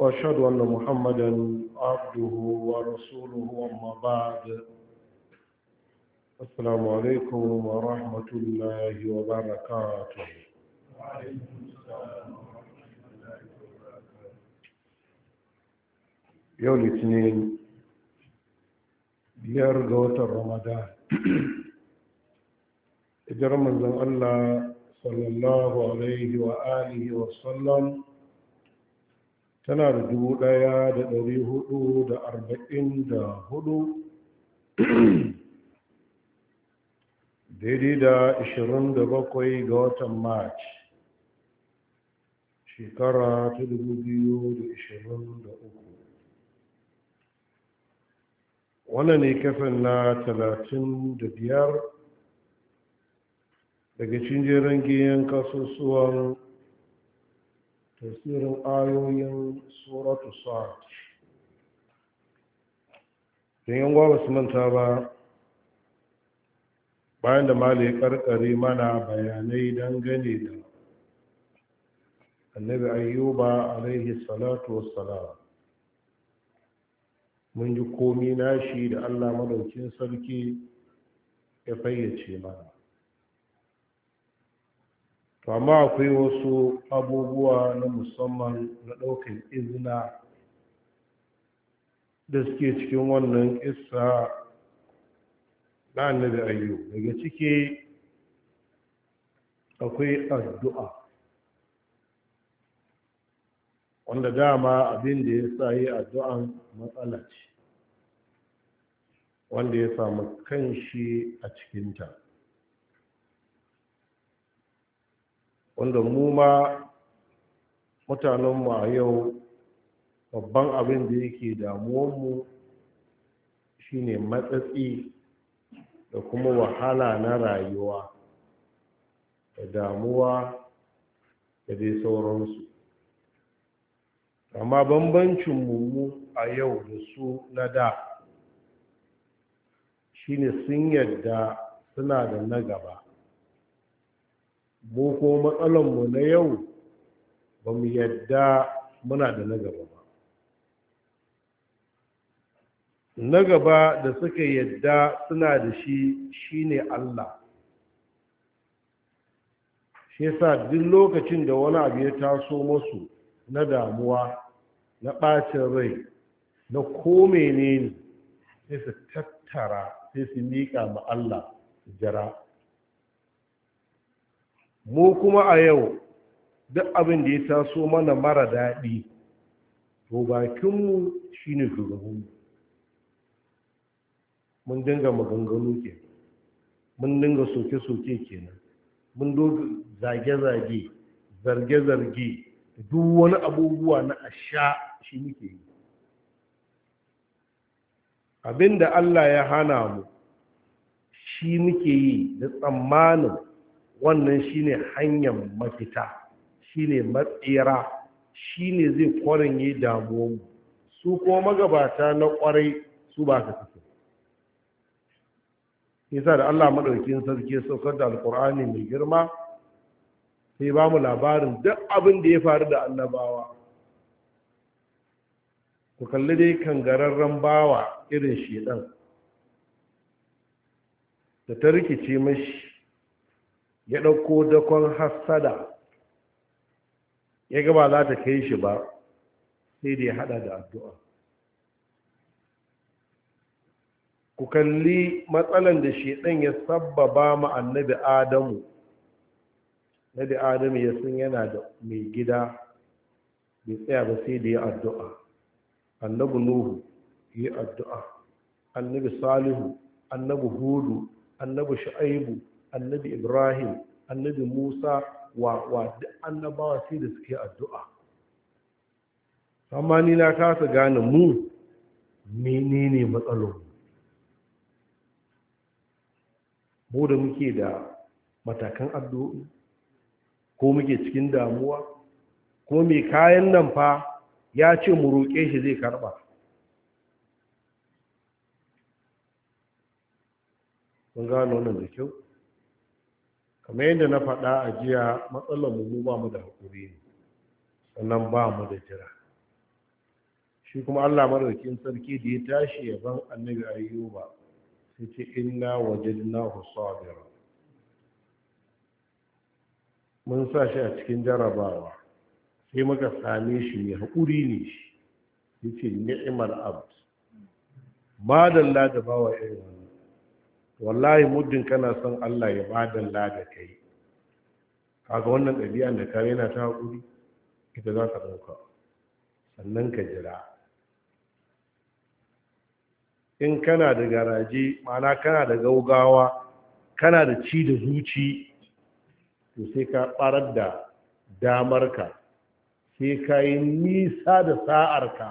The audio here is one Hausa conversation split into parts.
واشهد ان محمدا عبده ورسوله اما بعد السلام عليكم ورحمه الله وبركاته وعليكم السلام ورحمه الله وبركاته يوم الاثنين ديار ga رمضان ramadan ijar الله allah sallallahu alaihi wa tana da dubu ɗaya da ɗari hudu da arba'in da hudu daidai da ashirin da bakwai ga watan march shekara ta dubu biyu da ashirin da uku wannan ne kafin na talatin da biyar daga cinjeren giyan kasusuwan tasirin ayoyin suratu sa'ad don yin gwa su manta ba bayan da mali karkare mana bayanai dangane da annabi ayyuba alaihi salatu wassalam mun ji komi nashi da allah madaukin sarki ya fayyace mana to amma akwai wasu abubuwa na musamman na ɗaukar izina da suke cikin wannan isa na annabi ayyu daga ciki akwai addu'a wanda dama abin da ya sa yi addu'an matsala wanda ya samu kanshi a cikinta wanda mu ma mutanenmu a yau babban abin da yake damuwanmu shine matsatsi da kuma wahala na rayuwa da damuwa da dai sauransu amma bambancin mu a yau da su na da shine sun yadda suna da na gaba mu ko matsalanmu na yau ba mu yadda muna da na gaba ba na gaba da suka yadda suna da shi shine Allah shi yasa duk lokacin da wani abu ya taso masu na damuwa na ɓacin rai na ko menene sai su tattara sai su miƙa ma Allah jira mu kuma a yau duk abin da ya taso mana mara daɗi to bakinmu shi ne shugabanmu mun dinga maganganu ke mun dinga soke-soke kenan mun doga zage-zage zarge-zarge duk wani abubuwa na asha shi muke yi abin da allah ya hana mu shi muke yi da tsammanin wannan shine hanyar mafita shine matsira shine zai kwarin yi damuwanmu su ko magabata na kwarai su ba ka fito nisa da allah maɗaukin sarki saukar da alkur'ani mai girma sai ba mu labarin duk abin da ya faru da annabawa ku kalli dai kan kangararren bawa irin shi da ta rikice mashi ya ɗauko dakon hassada ya gaba za ta kai shi ba sai da ya haɗa da addu'a ku kalli matsalan da shi ɗan ya sabbaba ma annabi adamu annabi adamu ya sun yana da mai gida bai tsaya ba sai da ya addu'a annabi nuhu ya yi addu'a annabi salihu annabi hudu annabi shu'aibu annabi ibrahim annabi musa wa wa duk annabawa sai da suke addu'a amma ni na kasa gane mu menene matsalolin mu da muke da matakan addu'o'i ko muke cikin damuwa ko mai kayan nan fa ya ce mu roƙe shi zai karɓa mun gano nan da kyau kamar yadda na faɗa a jiya matsalar mu ba mu da haƙuri ne sannan ba mu da jira shi kuma Allah madaukakin sarki da ya tashi ya yaban annabi ayyuba sai ce inna na sabira mun sa shi a cikin jarabawa sai muka same shi mai haƙuri ne shi ce ni'imar abd madalla da bawa irin wallahi muddin kana son Allah ya ba da lada kai kaga wannan ɗabi'an da ka yana ta hakuri ita za ka ɗauka sannan ka jira in kana da garaje mana kana da gaugawa kana da ci da zuci to sai ka ɓarar da damarka sai ka yi nisa da sa'arka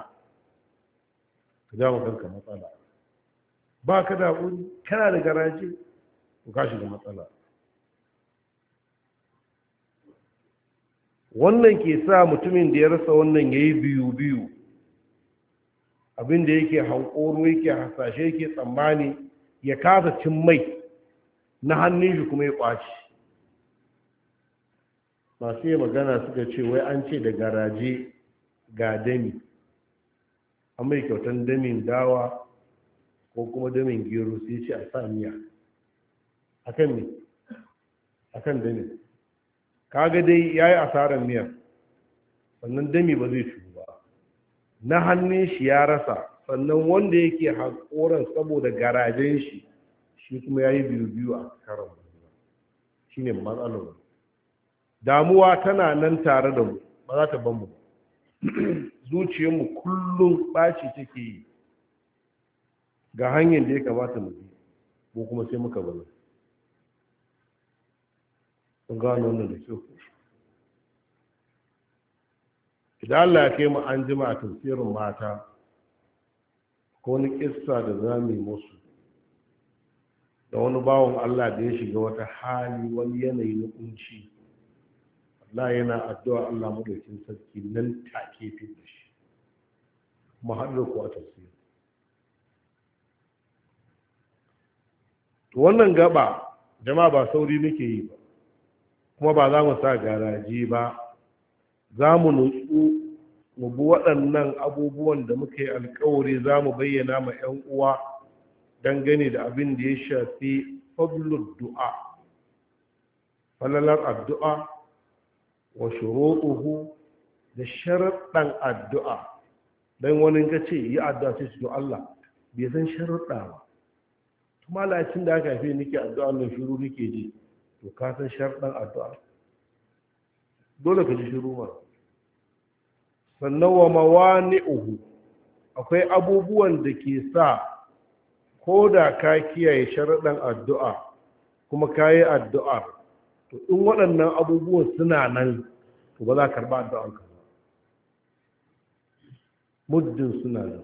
ka ja kanka matsala ba ka da wuri kana da garaji to ka shiga matsala wannan ke sa mutumin da ya rasa wannan ya yi biyu-biyu abinda yake hankoro yake hasashe yake tsammani ya kasa cin mai na hannun shi kuma ya kwaci masu yi magana suka ce wai an ce da garaje ga dami an mai kyautan damin dawa ko kuma damin gero sai ce a sa miya a kan ne a kan dami kaga dai ya yi asarar miyar sannan dami ba zai shi ba na hannun shi ya rasa sannan wanda yake haƙoran saboda garajen shi shi kuma ya yi biyu-biyu a wanda shi ne matsalar damuwa tana nan tare da mu ba za ta ban mu zuciyarmu kullum ɓaci take yi ga hanyar da ya kamata mu bi ko kuma sai muka bari kun gano wannan da kyau idan Allah ya kai mu an jima a tafsirin mata ko wani kissa da za mu yi musu da wani bawon Allah da ya shiga wata hali wani yanayi na kunci Allah yana addu'a Allah madaukin sarki nan take fi da shi mu haɗu da a tafsiri wannan gaba jama'a ba sauri muke yi ba kuma ba za mu sa garaji ba za mu nutsu mu bi waɗannan abubuwan da muka yi alkawari za mu bayyana ma 'yan uwa dangane da abin da ya shafi fadlul du'a falalar addu'a wa shuru'uhu da sharaɗan addu'a don wani ka ce yi addu'a sai su Allah bai san sharaɗa ba kuma lacin da aka fi nike addu'a ne, shiru nike ji to ka san sharɗan addu'a dole ka ji shiru ma sannan wa mawani'uhu akwai abubuwan da ke sa ko da ka kiyaye sharɗan addu'a kuma ka yi addu'a to in waɗannan abubuwan suna nan to ba za ka karɓa addu'an ka ba muddin suna nan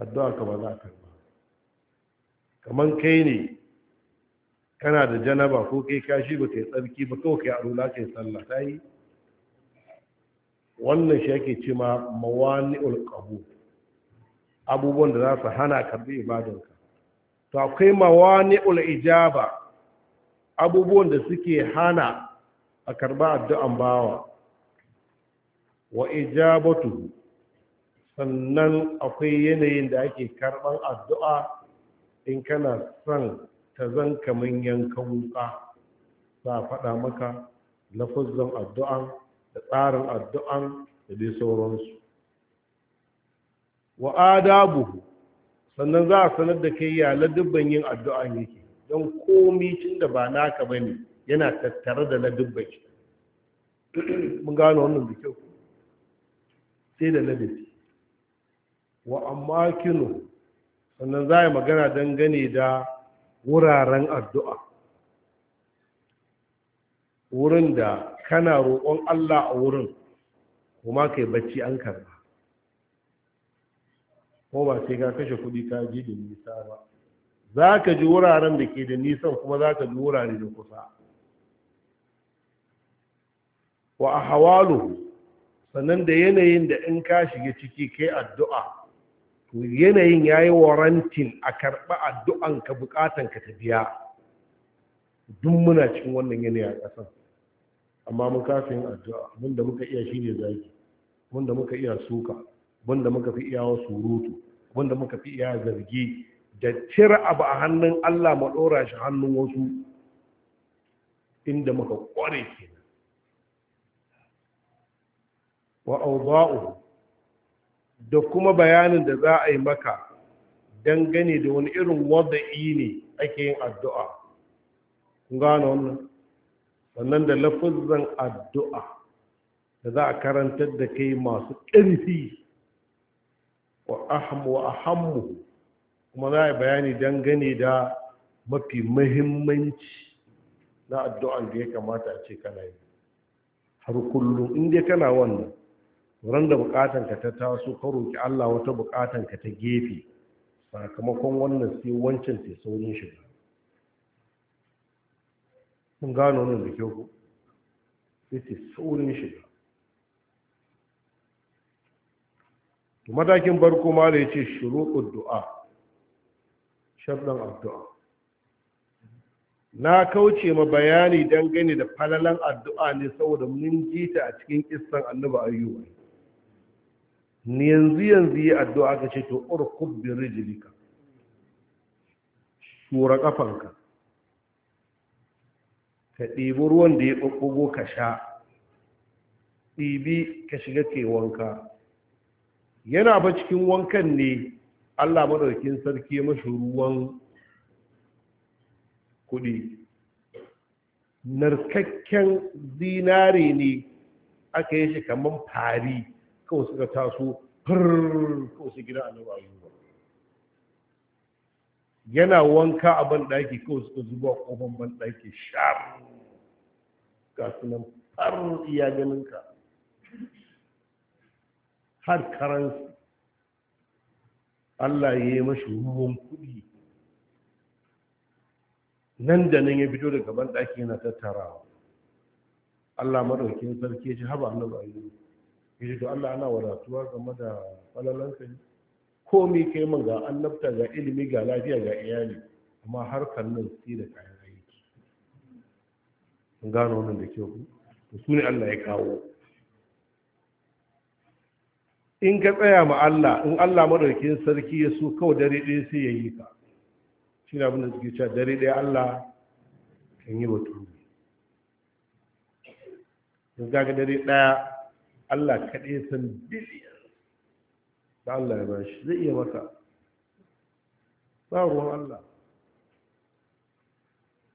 addu'a ka ba za ka karɓa kaman kai ne kana da janaba ko kai kashi ba kai tsarki ba kawai kai arula kai sallah ta yi wannan shi ake ce ma mawani ulkabu abubuwan da za su hana karbi ibadanka to akwai mawani ijaba abubuwan da suke hana a karba addu'an bawa wa ijabatu sannan akwai yanayin da ake karban addu'a in kana son ta zan kamar yankan wuka za a faɗa maka lafazan addu'an da tsarin addu'an da dai sauransu wa adabuhu sannan za a sanar da kai ya ladubban yin addu'an yake don komi cin da ba naka ba ne yana tattare da ladubban shi mun gano wannan da kyau sai da ladubi wa amma kino sannan za a yi magana dangane da wuraren addu'a wurin da kana roƙon Allah a wurin kuma kai bacci an karba ko ba sai ka kashe kuɗi ka ji da nisa ba za ka ji wuraren da ke da nisan kuma za ka ji wurare da kusa wa a hawalu sannan da yanayin da in ka shiga ciki kai addu'a yanayin ya yi warantin a karɓa addu'anka buƙatanka ta biya dun muna cikin wannan yanayi a ƙasar. amma mun kafin addu'a wanda muka iya shi ne zaki wanda muka iya suka wanda muka fi iya surutu wanda muka fi iya zargi da cire abu a hannun allah ma ɗora shi hannun wasu inda muka ƙware kenan wa da kuma bayanin da za a yi maka dangane da wani irin wada'i ne ake yin addu'a kun gano wannan wannan da lafazan addu'a da za a karantar da kai masu ƙarfi wa ahammu kuma za a yi bayani dangane da mafi mahimmanci na addu'an da ya kamata a ce kana yi har kullum inda kana wannan ran da bukatanka ta taso ka roki Allah wata bukatanka ta gefe sakamakon wannan sai wancan sai saurin shiga mun gano wannan da kyau ko sai sai saurin shiga to matakin barko ma da yace shuruqud du'a shartan addu'a na kauce ma bayani dangane da falalan addu'a ne saboda mun ji ta a cikin kissan annabi ayyuba ni yanzu yanzu yi addu'a aka ce to urkub bi rijlika shura kafanka ka ɗibi ruwan da ya ɓaɓɓugo ka sha ɗibi ka shiga ke wanka yana ba cikin wankan ne allah maɗaukin sarki mashi ruwan kuɗi narkakken zinare ne aka yi shi kamar fari kawai suka taso fir kawai su gida annabi ba. yana wanka a banɗaki, kawai suka zuba kofan banɗaki shar ga sunan har iya ganinka har karansu Allah ya yi mashi ruwan kuɗi nan da nan ya fito daga banɗaki yana tattarawa Allah maɗaukin sarki ya ci haba annabi ayyuka yace to Allah ana wadatuwa game da falalansa ne komai kai min ga annabta ga ilimi ga lafiya ga iyali amma harkar nan sai da kayan aiki sun gano wannan da kyau to su ne Allah ya kawo in ka tsaya ma Allah in Allah madaukin sarki ya so kawai dare ɗaya sai ya yi ka shi na da suke cewa dare ɗaya Allah kan yi batu in Gaga dare ɗaya Allah kaɗai san biliyan da Allah ya bashi zai iya masa Allah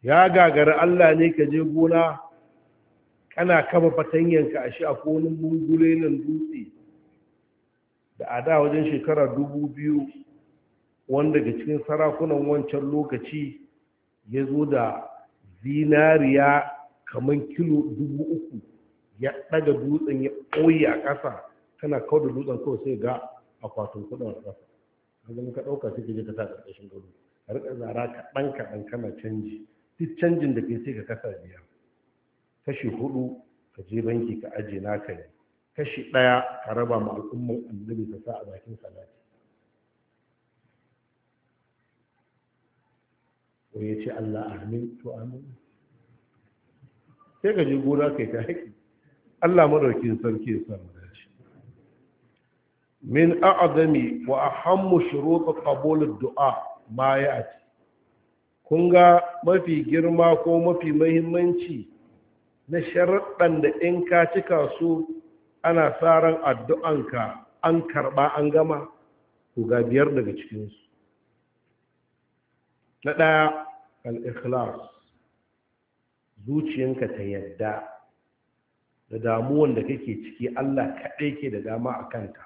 ya gagara Allah ne ka je gona kana kama fatanyanka a shi a konin gungule nan dutse da a da wajen shekara dubu biyu wanda daga cikin sarakunan wancan lokaci ya zo da zinariya kamar kilo dubu uku ya ɗaga dutsen ya ɓoye a ƙasa kana kawo da dutsen kawai sai ga akwatin kudin a ƙasa zan ka ɗauka sai je ka sa ƙarƙashin gado ka riƙa zara kaɗan kaɗan kana canji duk canjin da ke sai ka kasa biyar kashi hudu ka je banki ka aje naka yi. kashi ɗaya ka raba ma al'umman annabi ka sa a bakin salati ko ya ce Allah amin to amin sai ka je gona kai ta haƙi Allah madaukin sarki ya min a'zami wa ahammu shurut qabul ad-du'a ma ya'ti kun ga mafi girma ko mafi muhimmanci na sharaɗan da in ka cika su ana saran addu'an addu'anka an karɓa an gama to ga biyar daga cikinsu na ɗaya al-ikhlas zuciyanka ta yadda da damuwan da kake ciki Allah kaɗai ke da dama a kanta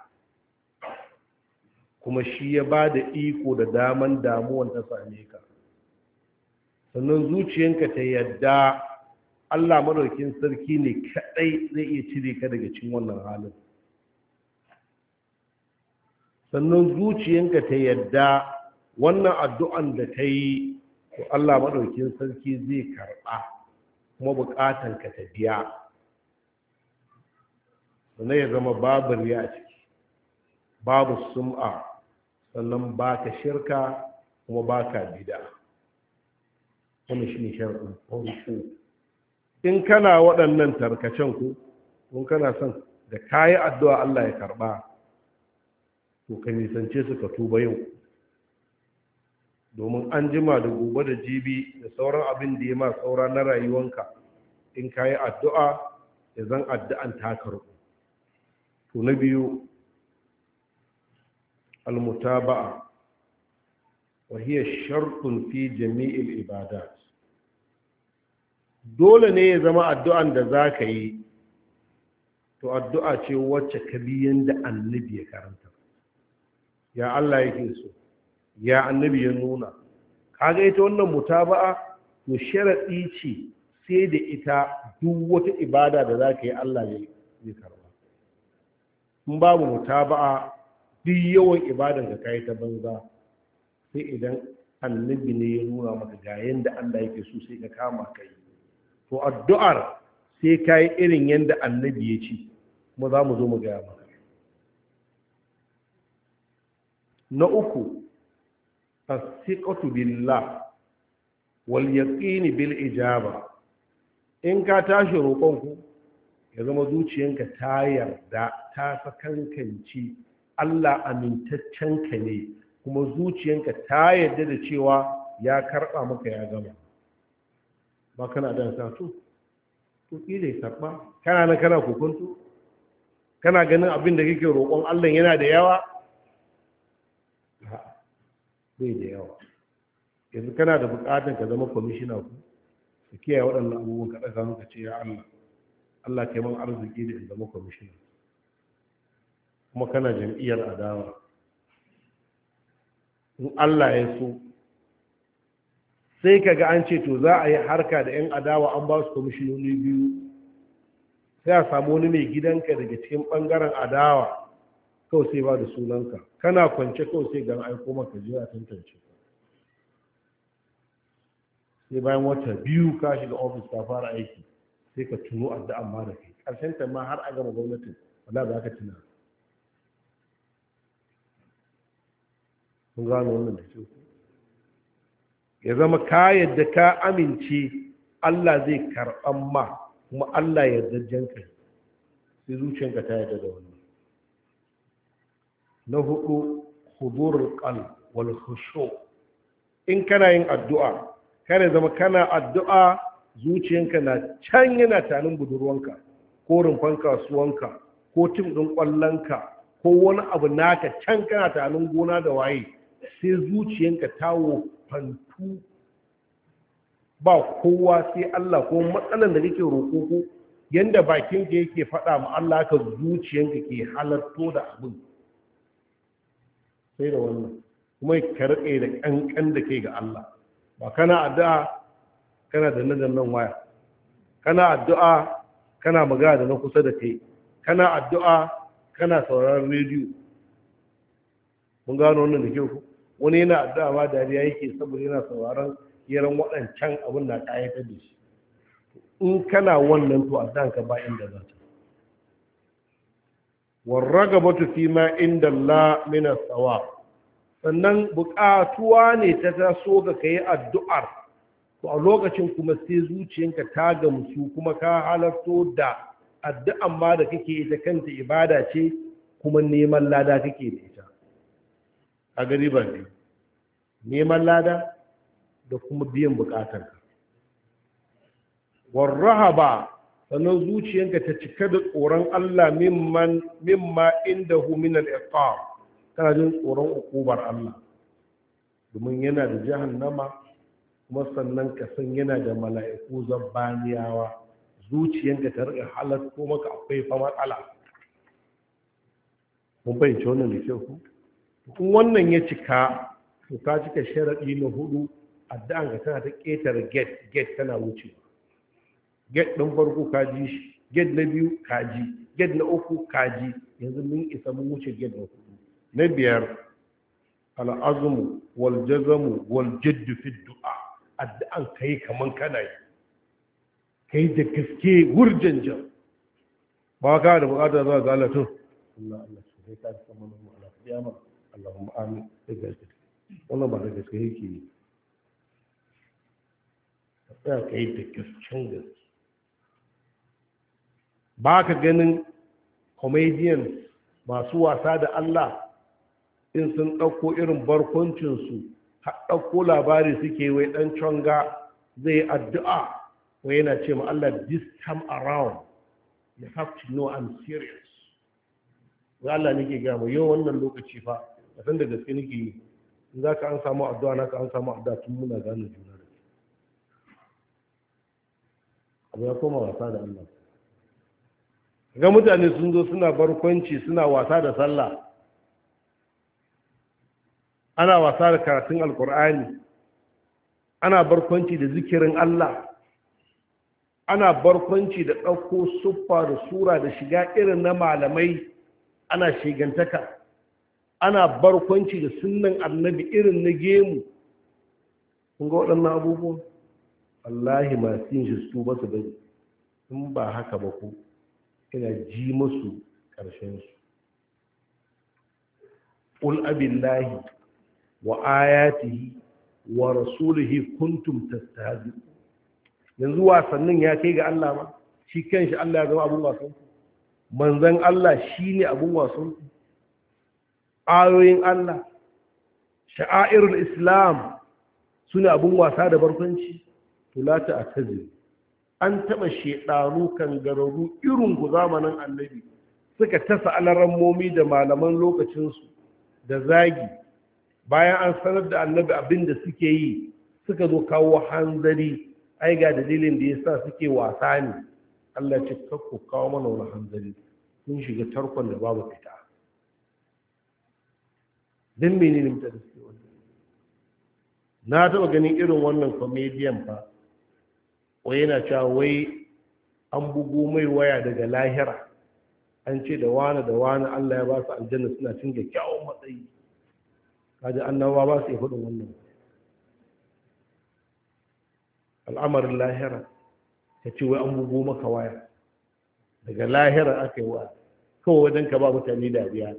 kuma shi ya ba da iko da daman damuwan ta same ka sannan zuciyanka ta yadda Allah madaukin sarki ne kaɗai zai iya cire ka daga cikin wannan halin sannan zuciyanka ta yadda wannan addu'an da ta yi Allah maɗaukin sarki zai karɓa kuma buƙatanka ta biya sannan ya zama babu riya a ciki babu sum'a sannan ba ka shirka kuma ba ka bida wani shi ne shirkun farko in kana waɗannan tarkacen ku kun kana son da kayi addu'a Allah ya karɓa to ka nisance su ka tuba yau domin an jima da gobe da jibi da sauran abin da ya ma saura na rayuwanka in kayi addu'a ya zan addu'an ta to na biyu almutaba'a wa hiya shartun fi jami'il ibadat dole ne ya zama addu'an da za ka yi to addu'a ce wacce ka biyan da annabi ya karanta ya Allah yake so ya annabi ya nuna kaga ita wannan mutaba'a to sharadi ce sai da ita duk wata ibada da zaka yi Allah ya karanta in babu mutaba'a duk yawan ibadan ka kai ta banza sai idan annabi ne ya nuna maka ga yanda Allah yake so sai ka kama kai to addu'ar sai kai irin yanda annabi ya ce kuma za mu zo mu gaya maka na uku asiqatu billah wal yaqini bil ijaba in ka tashi roƙon ku ya zama zuciyanka ta yarda ta sakankanci Allah amintaccenka ne kuma zuciyanka ta yarda da cewa ya karɓa maka ya gama ba kana da sato to kila ya karɓa kana na kana kokonto kana ganin abin da kake roƙon Allah yana da yawa bai da yawa yanzu kana da buƙatar ka zama kwamishina ku ka kiyaye waɗannan abubuwan ka ɗaga maka ce ya Allah Allah ka yi man arziki da in zama kwamishina kuma kana jam'iyyar adawa in Allah ya so sai ka ga an ce to za a yi harka da 'yan adawa an ba su kwamishinoni biyu sai a samu wani mai gidanka daga cikin ɓangaren adawa kawai sai ba da sunanka kana kwance kawai sai gan aiko maka je a tantance sai bayan wata biyu ka shiga ofis ta fara aiki sai ka tuno addu'a ma da kai ƙarshen ta ma har a gama gwamnatin wala ba ka tuna kun gano wannan da kyau ya zama ka yadda ka amince Allah zai karɓan ma kuma Allah ya yarda kai sai zuciyanka ta yarda da wannan na hudu hudur qalb wal khushu in kana yin addu'a kana zama kana addu'a zuciyanka na can yana tanin budurwanka ko rumfan kasuwanka ko tim ɗin ƙwallonka ko wani abu naka can kana tanin gona da waye sai zuciyanka ta fantu ba kowa sai Allah ko matsalan da kake roƙo ko yanda ka yake faɗa ma Allah ka zuciyanka ke halarto da abin sai da wannan kuma ka riƙe da ƙanƙan da kai ga Allah ba kana addu'a kana da nan waya kana addu'a kana magana da na kusa da kai kana addu'a kana sauraron rediyo mun gano wannan da kyau ku wani yana addu'a ma dariya yake saboda yana sauraron yaran waɗancan abin da ka haifar da shi in kana wannan to addu'an ka ba inda za ta warragabatu fi ma inda Allah min as-sawab sannan buƙatuwa ne ta taso ga kai addu'ar to a lokacin kuma sai zuciyanka ta gamsu kuma ka halarto da addu'an ma da kake ita kanta ibada ce kuma neman lada kake da ita a ne neman lada da kuma biyan bukatarka warraha ba sannan zuciyanka ta cika da tsoron Allah mimma inda huminan iqab kana jin tsoron ukubar Allah domin yana da jahannama kuma sannan ka san yana da mala'iku zabbaniyawa zuciyanka ta rika halar ko maka akwai fa matsala mun fahimci wannan da kyau ku in wannan ya cika to ka cika sharaɗi na hudu addu'an ka tana ta ketar get get tana wucewa get ɗin farko ka ji shi get na biyu ka ji get na uku ka ji yanzu mun isa mun wuce get na hudu na biyar al'azumu wal jazamu wal fi du'a addu'an ka yi kaman kana yi ka yi da gaske wurjan jan ba ka da bukata za ga alatun Allah Allah su kai ka kuma mana mu ma Allah Allahumma amin da gaske wannan ba da gaske yake yi ka ka yi da gasken gaske ba ka ganin comedians masu wasa da Allah in sun ɗauko irin barkwancinsu haɗauko labari suke wai ɗan conga zai addu'a wai yana ce ma Allah this time around you have to know I'm serious wai Allah nake gaya ma yau wannan lokaci fa a san da gaske nake yi in za ka an samu addu'a na ka an samu addu'a tun muna gane juna da abu ya koma wasa da Allah ga mutane sun zo suna barkwanci suna wasa da sallah ana wasa da karatun alkur'ani ana barkwanci da zikirin Allah ana barkwanci da ɗauko siffa da sura da shiga irin na malamai ana shigantaka ana barkwanci da sunan annabi irin na gemu kun ga waɗannan abubuwan allahi masu yin shistu ba su bari in ba haka ba ku ina ji masu ƙarshensu ƙul abillahi wa ayatihi wa rasulihi kuntum tastahzi yanzu wasannin ya kai ga Allah ba shi kanshi Allah ya zama abun wasan manzon Allah shine abun wasan ayoyin Allah sha'airul islam sune abun wasa da barkwanci to a ta'tazi an taba shedanu kan garuru irin ku zamanin annabi suka tasa alaran da malaman lokacinsu da zagi bayan an sanar da annabi abin da suke yi suka zo kawo hanzari ai ga dalilin da ya sa suke wasa ne allah ce kakku kawo mana wani hanzari sun shiga tarkon da babu fita don mene ne mutane suke na taɓa ganin irin wannan comedian fa wai yana cewa wai an bugu mai waya daga lahira an ce da wani da wani allah ya ba su aljanna suna cin kyakkyawan matsayi kaji annawa ba su yi hudun wannan al'amarin lahira ka ce wai an bugu maka waya daga lahira aka yi wa kawai wajen ka ba mutane biya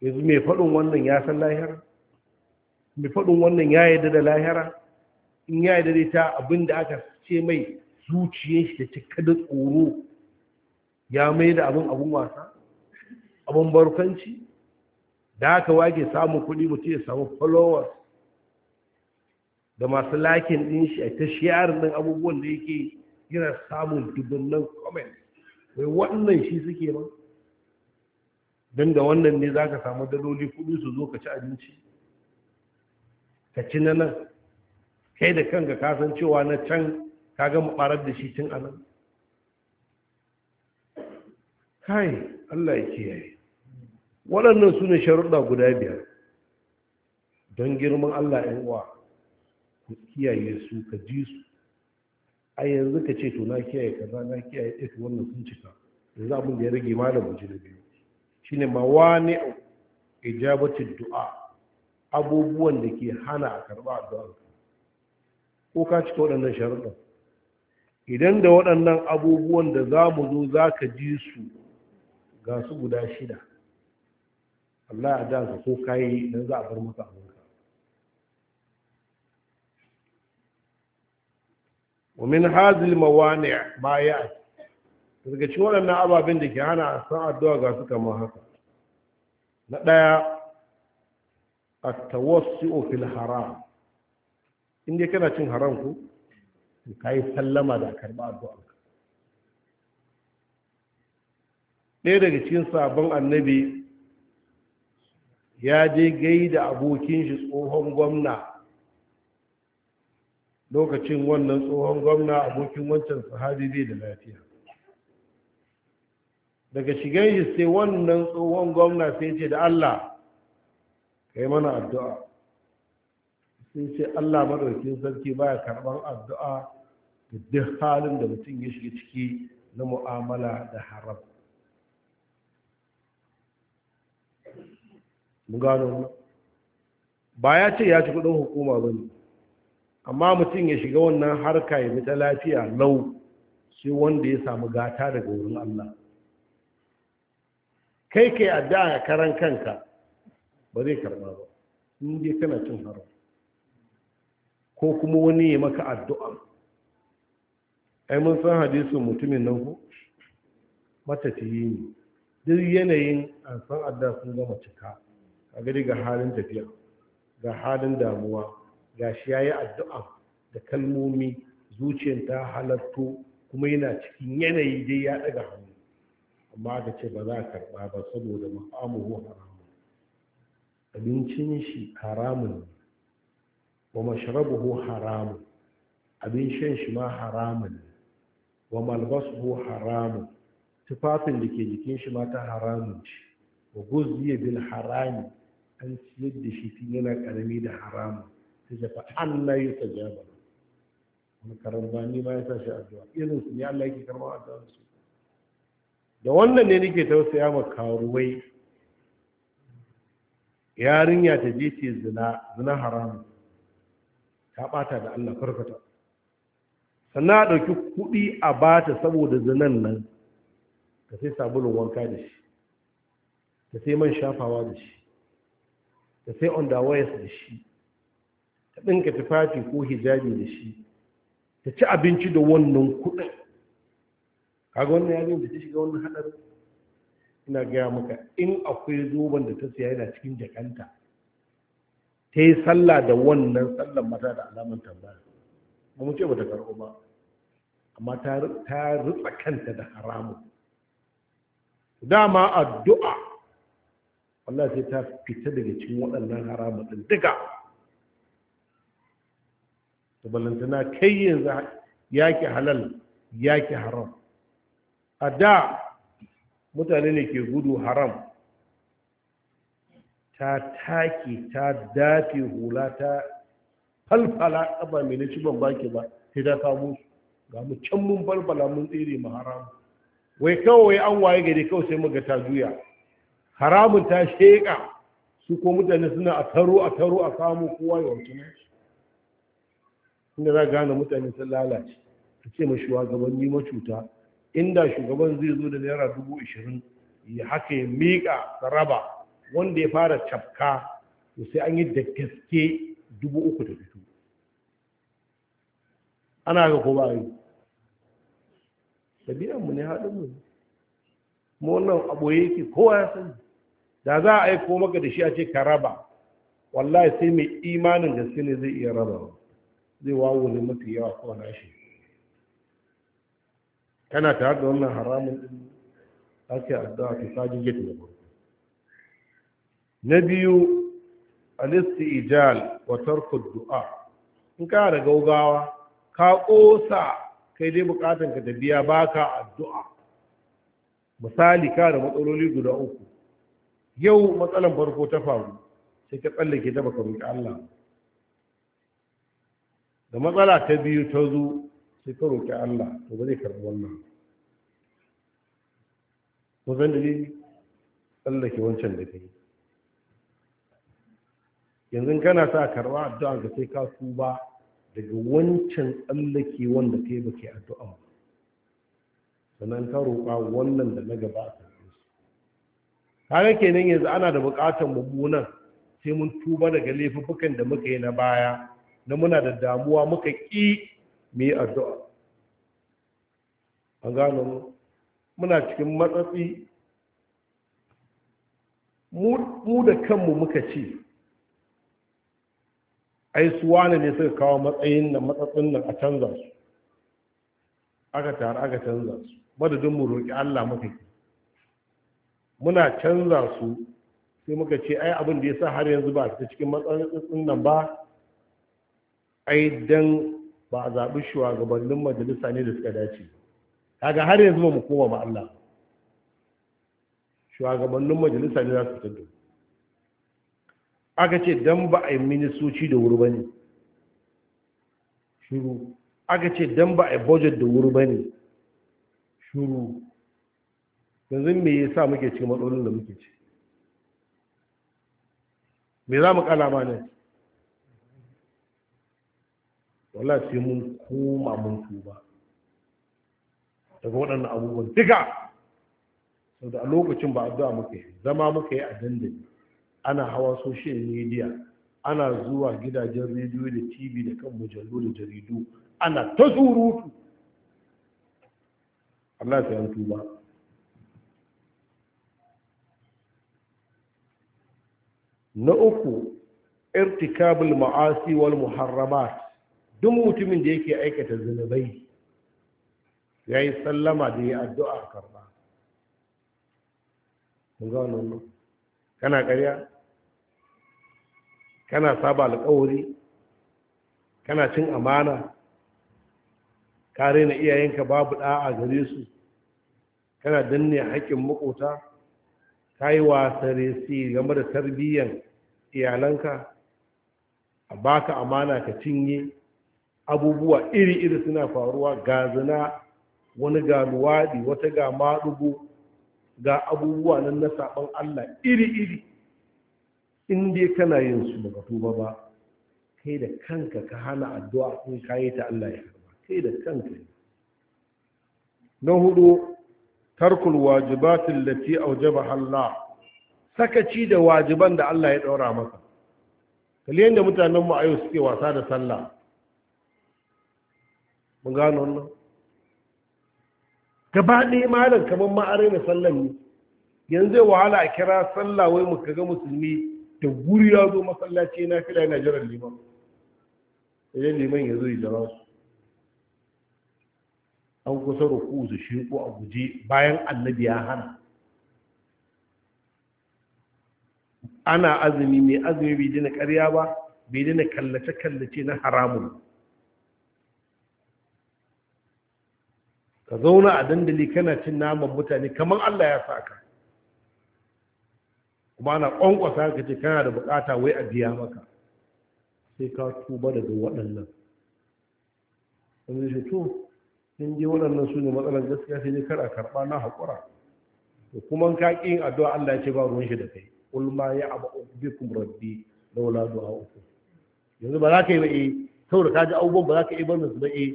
yanzu mai faɗin wannan ya san lahira mai faɗin wannan ya yi da lahira in ya yi da ta abin da aka ce mai zuciyar shi da cika da tsoro ya mai da abin abin wasa abin barkanci da haka wage samun kuɗi mutum ya samu followers da masu lakin din shi a ta sharing abubuwan da yake yana samun dubunan comment wai wannan shi suke ba don da wannan ne za ka samu daloli kuɗi su zo ka ci abinci ka ci na nan kai da kanka kasan cewa na can ka gama ɓarar da shi tun anan kai allah ya kiyaye waɗannan su ne sharuɗa guda biyar don girman allah ‘yan uwa ku kiyaye su ka ji su a yanzu ka ce to na kiyaye ka za na kiyaye ɗaya wannan sun cika yanzu abin da ya rage ma da buji na biyu ne ma wani ijabatin du'a abubuwan da ke hana a karɓa addu'ar ko ka cika waɗannan sharuɗa idan da waɗannan abubuwan da za mu zo za ka ji su ga su guda shida Allah ya da ka ko kayi don za a bar maka abinka ومن ne baya ما يأتي daga cikin waɗannan ababen da ke hana a san addu'a ga su kamar haka na ɗaya a tawassu fil haram inda kana cin haram ku ka yi sallama da karba addu'a ɗaya daga cikin sabon annabi ya je gai da abokin shi tsohon gwamna lokacin wannan tsohon gwamna abokin wancan sahabi bai da lafiya daga shigan shi sai wannan tsohon gwamna sai ce da Allah ka yi mana addu'a sai ce Allah maɗaukin sarki baya karɓar addu'a da duk halin da mutum ya shiga ciki na mu'amala da haram Mu gano ba ya ce ya ci kudin hukuma ba ne amma mutum ya shiga wannan harka ya ta lafiya lau sai wanda ya samu gata daga wurin Allah kai kai addu'a a karan kanka ba zai karba ba in dai kana cin haro ko kuma wani ya maka addu'a ai mun san hadisin mutumin nan ko matafiyi ne duk yanayin an san addu'a sun gama cika a gari ga halin tafiya ga halin damuwa ga shi ya yi addu'a da kalmomi zuciyar ta halatto kuma yana cikin yanayi dai ya daga hannu amma aka ce ba za a karɓa ba saboda ma'amuhu haramun abincin shi haramun ne wa mashrabuhu haramun abin shan shi ma haramun ne wa malbasuhu haramun tufafin da ke jikin shi ma ta haramun ce wa guzziya bil harami an ciyar da shi tun yana karami da haramu ta jafa Allah ya ta jaba wani karamba ni ma ya sa shi addu'a irin su ne Allah yake karɓar addu'a su da wannan ne nake tausaya ma karuwai yarinya ta je ce zina haramu ta bata da Allah farkata sannan a ɗauki kuɗi a bata saboda zinan nan ka sai sabulun wanka da shi ka sai man shafawa da shi da sai on da shi ta ɗinka tufafi ko hijabi da shi ta ci abinci da wannan kuɗin kaga wannan ya da ta shiga wannan haɗari. ina gaya maka in akwai zoben da ta siya yana cikin jakanta ta yi sallah da wannan sallan mata da alaman tambaya ba mu ce ba ta karɓo ba amma ta rutsa kanta da haramun dama addu'a Allah sai ta fita daga cikin waɗannan haramun ɗin duka da balantana kai yanzu yaki halal yaki haram a da mutane ne ke gudu haram ta taki, ta dafe hula ta falfala ƙaba mai na ciban baki ba sai ta su. ga mu can mun falfala mun tsere mu haram wai kawai an waye gari kawai sai muga ta juya haramun ta sheƙa su ko mutane suna a taro a taro a samu kowa ya wanci inda za gane mutane sun lalace ta ce ma shugabanni macuta inda shugaban zai zo da naira dubu ishirin ya haka ya miƙa raba wanda ya fara cafka to sai an yi da gaske dubu uku da fito ana ga ko bayi yi ɗabi'anmu ne haɗinmu mu wannan abu yake kowa ya sani da za a aiko maka da shi a ce ka raba wallahi sai mai imanin gaske ne zai iya raba zai wawo ne mafi yawa ko na shi kana ta da wannan haramun din ake addu'a ta sajin gate na na biyu a listi wa tarku du'a in ka da gaugawa ka kosa kai dai bukatan ka da biya baka addu'a misali ka da matsaloli guda uku yau matsalan farko ta faru sai ka tsallake ta baka roƙi Allah da matsala ta biyu ta zo sai ka roƙi Allah to ba zai karɓi wannan ko zan da tsallake wancan da kai yanzu kana sa karɓa addu'a ga sai ka ba daga wancan tsallake wanda kai ba yi addu'a sannan ka roƙa wannan da na gabata kaga kenan yanzu ana da buƙatar mummunan sai mun tuba daga laifukan da muka yi na baya na muna da damuwa muka ƙi mu yi addu'a an gano mu muna cikin matsatsi mu da kanmu muka ce ai suwa ne suka kawo matsayin nan matsatsin nan a canza su aka tare aka canza su madadin mu roƙi Allah muka ki muna canza su sai muka ce ai abin da ya sa har yanzu ba a fita cikin matsalolin nan ba ai dan ba a zaɓi shugabannin majalisa ne da suka dace kaga har yanzu ba mu koma ma Allah shugabannin majalisa ne za su fitar da aka ce dan ba a yi ministoci da wuri ba ne shuru aka ce dan ba a yi budget da wuri ba ne shuru yanzu me ya sa muke cikin matsalolin da muke ci me za mu kala ma ne wallahi sai mun koma mun tuba daga waɗannan abubuwan duka sau da a lokacin ba addu'a muke zama muka yi a dandali ana hawa social media ana zuwa gidajen rediyo da tv da kan mujallu da jaridu ana ta surutu Allah sai an tuba na uku irtikabul ma'asi wal muharramat duk mutumin da yake aikata zunubai ya yi sallama da ya addu'a karba mun ga wannan kana ƙarya kana saba alƙawari kana cin amana ka raina iyayenka babu ɗa'a gare su kana danne haƙƙin maƙota, ka yi wasare si game da tarbiyyar iyalanka a baka amana ka cinye abubuwa iri-iri suna faruwa ga zina wani ga luwaɗi wata ga maɗugu ga abubuwa nan na saɓon allah iri-iri inda ya kana yin su ba tuba ba kai da kanka ka hana addu'a in kayi ta allah ya karba kai da kanka na hudu tarkul wajibatin lati aujaba Allah sakaci da wajiban da Allah ya ɗaura masa Kali yadda mutanenmu a yau suke wasa da sallah mun gano wannan gaba ɗaya malam kamar ma'arai sallar sallah ne yanzu wahala a kira sallah wai muka ga musulmi da guri ya zo masallaci na fila yana jiran liman idan liman ya zo yi jira su an kusa ruku su shiko a guje bayan annabi ya hana ana azumi mai azumi bai dina ƙarya ba bai dina kallace-kallace na haramun ka zauna a dandali kana cin naman mutane kamar allah ya saka kuma ana ƙwanƙwasa ka ce kana da bukata wai a biya maka sai ka tuba daga waɗannan in je waɗannan su ne matsalar gaskiya sai ne kar a karɓa na haƙura kuma ka ƙi yin addu'a allah ya ce ba ruwan shi da kai kul ma ya abu bikum rabbi laula uku. yanzu ba za ka yi ba eh saboda ka ji abubuwan ba za ka yi ba su ba eh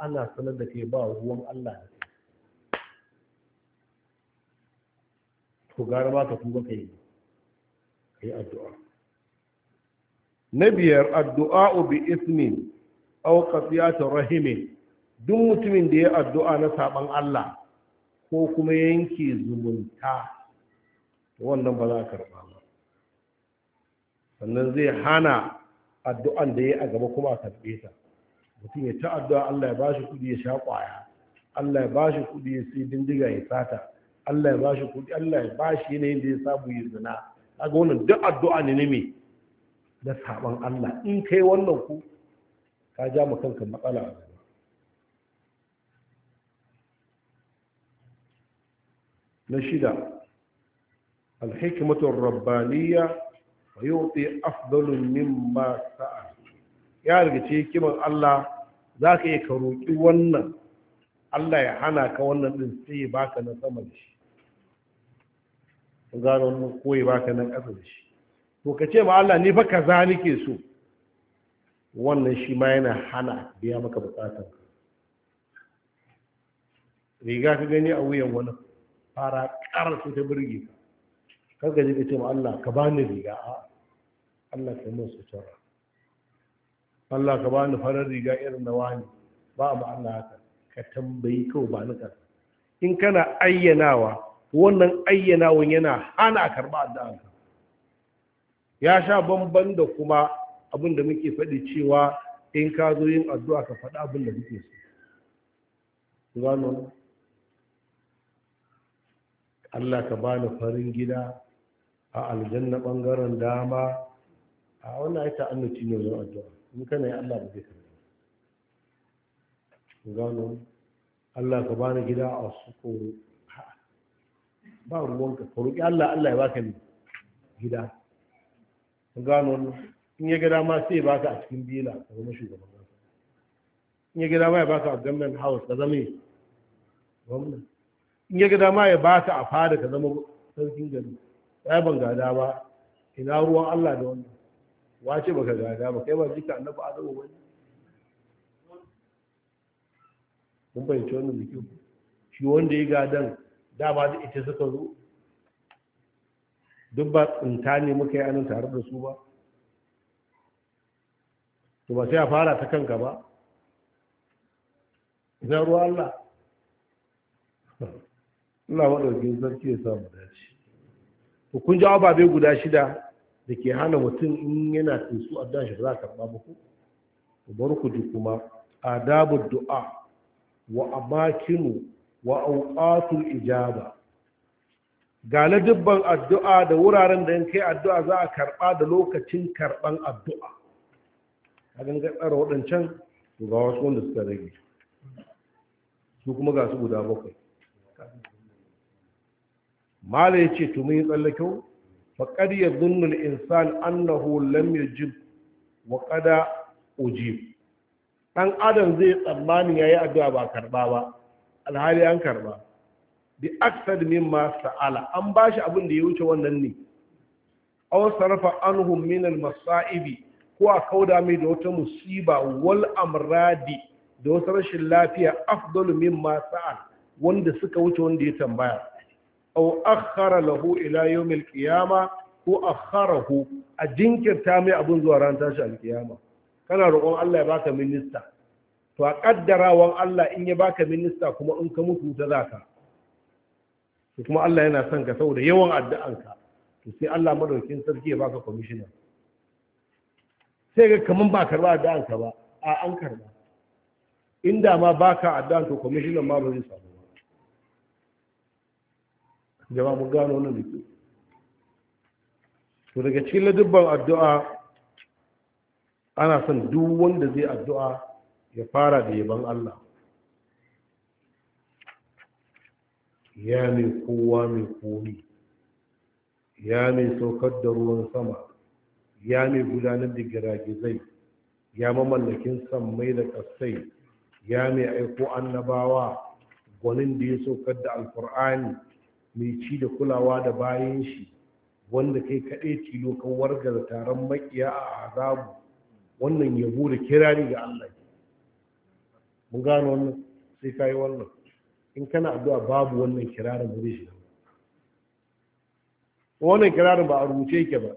ana sanar da kai ba ruwan Allah ce. to gara ba ka tuba ka yi ka yi addu'a na biyar addu'a bi ismin aw qasiyatu rahimin duk mutumin da ya addu'a na saban Allah ko kuma yanke zumunta wannan ba za a karɓa ba sannan zai hana addu'an da ya a gaba kuma a karɓe ta mutum ya ta addu'a Allah ya bashi kudi ya sha ƙwaya Allah ya bashi kudi ya sai dindiga ya sata Allah ya bashi kudi Allah ya bashi yanayin da ya samu ya zina A ga wannan duk addu'a ne ne me da saban Allah in kai wannan ku ka ja mu kanka matsala a gaba na shida alhikimatun rabbaniya wa yi مما afdalun يا sa'a ya الله ذاك Allah za ka wannan Allah ya hana ka wannan din sai baka na sama shi wannan baka na shi to ka ce ma Allah ni fa kaza nike so wannan shi ma yana hana biya maka bukatar riga ka gani a wuyan wani fara ƙara su ta birge ka karka ji ka ce ma Allah ka bani riga a Allah ka mun sutura Allah ka bani farar riga irin na wani ba ma Allah haka ka tambayi ko ba ni kasa in kana ayyanawa wannan ayyanawan yana hana karba addu'a ya sha bamban da kuma abin da muke faɗi cewa in ka zo yin addu'a ka faɗi abin da muke so gano Allah ka bani farin gida a aljanna bangaren dama a wannan ai ta'annuci ne wajen addu'a in kana yi Allah ba zai karɓa gano Allah ka bani gida a suko ba ruwanka ka roƙi Allah Allah ya baka ne gida gano in ya gida ma sai baka a cikin bela ka zama shugaban ka in ya gida ma ya baka a government house ka zama gwamnan in ya gida ma ya baka a fada ka zama sarkin gari ya ban gada ba ina ruwan Allah da wannan wace baka gada ba kai ba jika annabi adamu bane mun ci wannan bikin shi wanda ya gadan dama da ita suka zo duk ba tsinta ne muka yi anan tare da su ba to ba sai a fara ta kanka ba ina ruwan Allah Allah waɗauki sarki ya samu daya to kun ji ababe guda shida da ke hana mutum in yana a addu'a shi za a karɓa muku ku bar ku ji kuma adabu du'a wa amakinu wa auqatul ijaba ga ladubban addu'a da wuraren da ya kai addu'a za a karɓa da lokacin karɓan addu'a a gangar tsara waɗancan ga wasu wanda suka rage su kuma ga su guda bakwai mala ya ce to mun yi fa faƙad ya al insan annahu lam yajib wa qada ujib dan adam zai tsammanin yayi addu'a ba karba ba alhali an karba bi aksad mimma sa'ala an bashi abin da ya wuce wannan ne aw sarfa anhum min al masaibi ko a kauda mai da wata musiba wal amradi da wasu rashin lafiya afdalu mimma sa'al wanda suka wuce wanda ya tambaya aw akhara lahu ila yawm al-qiyama ko akharahu a jinkirta mai abun zuwa ran tashi al-qiyama kana roƙon Allah ya baka minista to a ƙaddarawan Allah in ya baka minista kuma in ka mutu ta zaka to kuma Allah yana son ka saboda yawan addu'anka to sai Allah madaukin sarki ya baka commissioner sai ga kaman ba karba addu'anka ba a an karba inda ma baka addu'an to commissioner ma ba zai samu ba. jama'a mun gano wannan da ke to daga cikin ladubban addu'a ana son duk wanda zai addu'a ya fara da yaban Allah ya mai kowa mai komi ya mai saukar da ruwan sama ya mai gudanar da giragizai ya mamallakin sammai da kasai ya mai aiko annabawa gwanin da ya saukar da alkur'ani mai ci da kulawa da bayan shi wanda kai kaɗai tilo kan warga da taron makiya a azabu wannan yabo da ne ga Allah mun gano wannan sai ka yi wannan in kana addu'a babu wannan kirarin da zai shiga wannan kirarin ba a rubuce yake ba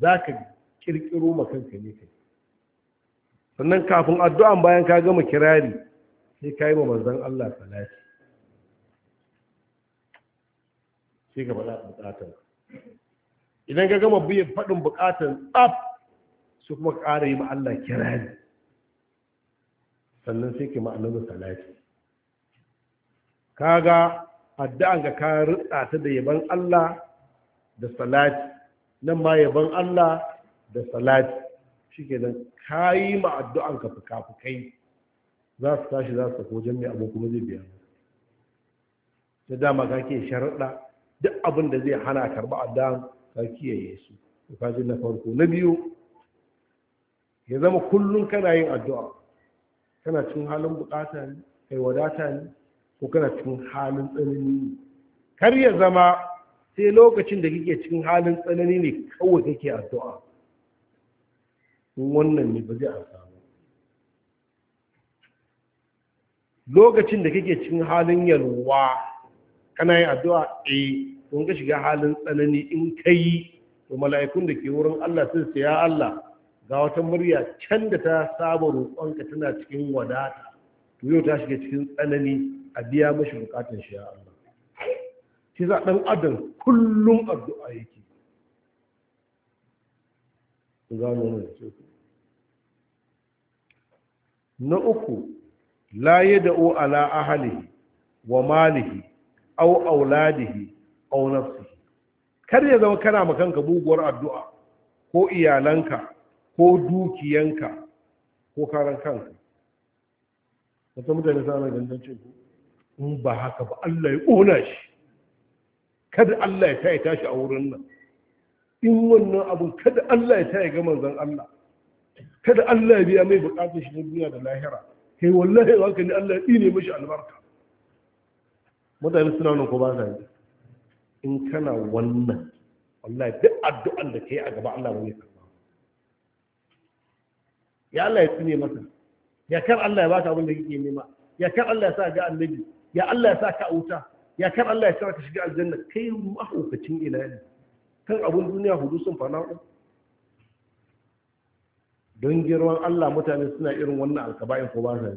za ka kirkiro makanka ne kai sannan kafin addu'an bayan ka gama kirari sai ka yi wa manzon Allah salati sai ka faɗa bukatar idan ka gama biyan faɗin bukatar tsaf su kuma ƙara yi Allah kirari sannan sai ki ma'anar salati kaga addu'an ka rutsa ta da yaban Allah da salati nan ma yaban Allah da salati shikenan kayi ma addu'an ka fuka-fukai za su tashi za su tafi wajen mai abokan zai biya ta dama kake ke sharaɗa duk abin da zai hana karba addan ka kiyaye su kafin na farko na biyu ya zama kullum kana yin addu'a kana cikin halin bukata ne kai wadata ne ko kana cikin halin tsanani ne kar ya zama sai lokacin da kike cikin halin tsanani ne kawai kake addu'a wannan ne ba zai an samu lokacin da kake cikin halin yalwa kana yin addu'a eh don ka shiga halin tsanani in ka yi to mala'ikun da ke wurin Allah sun ce ya Allah ga wata murya can da ta saba roƙonka tana cikin wadata to yau ta shiga cikin tsanani a biya mashi bukatun shi ya Allah shi za ɗan adam kullum addu'a yake na uku la yada'u ala ahlihi wa malihi au auladihi au nafsi kar ya zama kana ma kanka buguwar addu'a ko iyalanka ko dukiyanka ko karan kanka wata mutane sana gandancin ku in ba haka ba Allah ya ƙona shi kada Allah ya ta tashi a wurin nan in wannan abin kada Allah ya ta ga manzon Allah kada Allah ya biya mai bukatun shi na duniya da lahira kai wallahi haka ne Allah ya tsine mashi albarka mutane suna nan ko ba sa yi in kana wannan wallahi duk addu'an da ka yi a gaba Allah ba zai karba ya Allah ya tsine masa ya kar Allah ya baka abin da kike nema ya kar Allah ya sa ga annabi ya Allah ya sa ka auta ya kar Allah ya sa ka shiga aljanna kai mahaukacin ilahi kan abun duniya hudu sun ku don girman Allah mutane suna irin wannan alkaba'in ko ba sa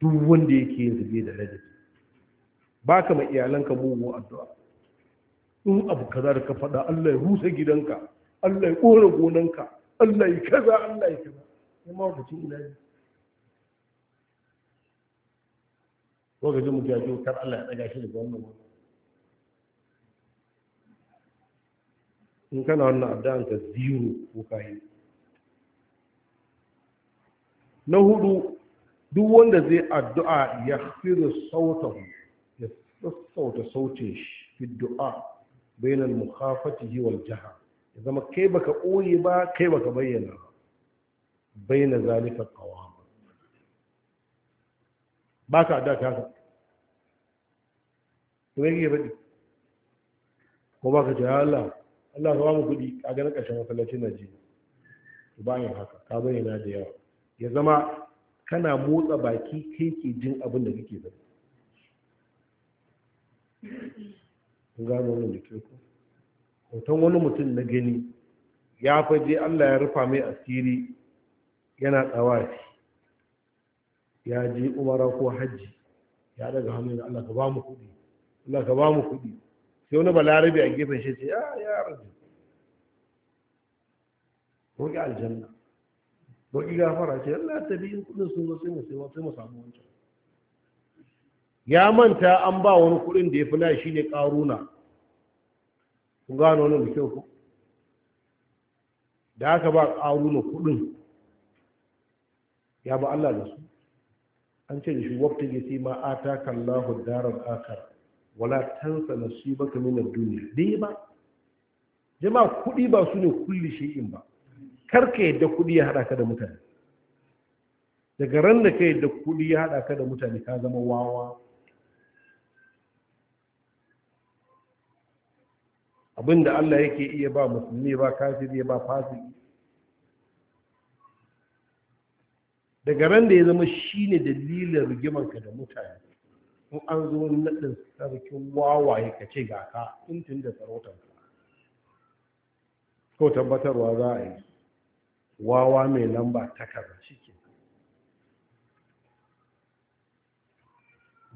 duk wanda yake yin su da ladabi ba ka mai iyalanka mugun addu'a in abu kaza da ka faɗa Allah ya rusa gidanka Allah ya ƙora gonanka Allah ya kaza Allah ya kaza ya ma wakacin ina ne wakacin mu jaje wutar Allah ya ɗaga shi da wannan wani in kana wannan addu'an ka zero ko kayi na hudu duk wanda zai addu'a ya da sautahu sassauta sautin shi fi du'a bainal hi wal jaha ya zama kai baka koyi ba kai baka bayyana ba baina zalika qawam baka da ta ka to me yake faɗi ko baka ji Allah Allah ka ba mu kuɗi a ganin ƙarshen masallacin Najeriya to bayan haka ka bayyana da yawa ya zama kana motsa baki kai ke jin abin da kake zama gano wani da ke ku hoton wani mutum na gani ya faje allah ya rufa mai asiri yana tsawafi ya ji umara ko hajji ya daga hannu da allah ka ba mu kuɗi allah ka ba mu kuɗi sai wani balarabe a gefen shi ce ya ya rabu roƙi aljanna roƙi gafara ce allah ta biyin kuɗin sun zo sai mu sai mu samu wancan ya manta an ba wani kuɗin da ya fi na shi ne ƙaruna kun gano wani da kyau ku da aka ba ƙaruna kuɗin ya ba Allah da su an ce da shi wakta ya ce ma a ta kallahu darar akar wala tansa na su baka minar duniya dai ba jama kuɗi ba su ne kulli shi'in ba karka yadda kuɗi ya haɗa ka da mutane daga ran da ka yadda kuɗi ya haɗa ka da mutane ka zama wawa abinda Allah yake iya ba musulmi ba kafiri ba fasik daga ran da ya zama shine dalilin ka da mutane in an zo naɗin sarkin wawaye ka ce ga ka tuntun da sarautar ka ko tabbatarwa za a yi wawa mai lamba takarda shi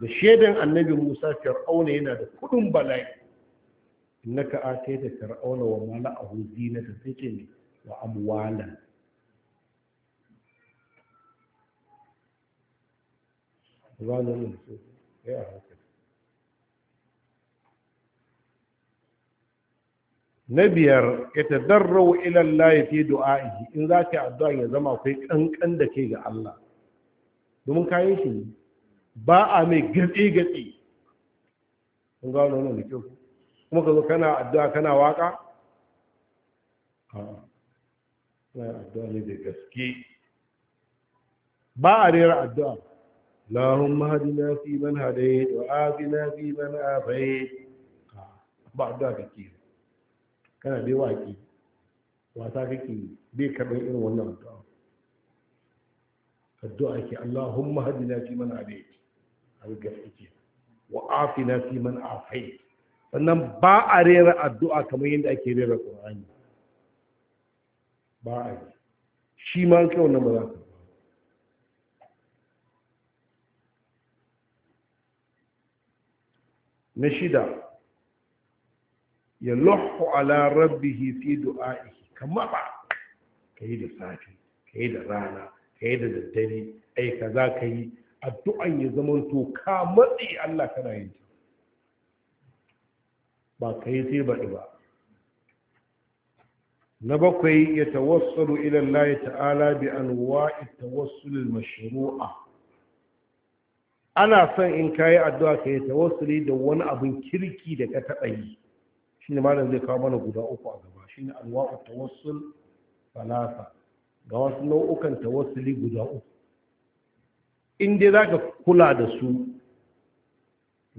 da shaidan annabi musa fir'auna yana da kudin bala'i naka a sai da fir'auna wa mana mala'ahu zinata sai ce ne wa amwalan zalimin su ya haka na biyar ya tadarrau ila Allah fi du'a'i in za ka yi addu'a ya zama akwai kankan da ke ga Allah domin kayan shi ba a mai gatsi gatsi kun gano wannan da kyau kuma ka zo kana addu'a kana waka na addu'a ne da gaske ba a rera addu'a lahun Hadina fi man hadai wa afina fi man afai ba addu'a ke. kana dai waki wasa kake bai karɓar irin wannan addu'a addu'a ke Allahumma hadina fi man hadai a gaske wa afina fi man afai sannan ba a rera addu'a kamar yadda ake rera ƙorani ba a yi shi ma kai ba za ka na shida ya lahu ala rabbi fi du'a'ihi kama ba ka yi da safi ka yi da rana ka yi da daddare aika za ka yi addu'an ya zama to ka matsi Allah kana yin ta ba ka yi sai baɗi ba na bakwai ya tawassalu ila ta'ala bi anwa'i tawassulil mashru'a ana son in ka yi addu'a ka yi tawassuli da wani abin kirki da ka taɓa yi ne malam zai kawo mana guda uku a gaba shine anwa'u tawassul salasa ga wasu nau'ukan tawassuli guda uku in dai za ka kula da su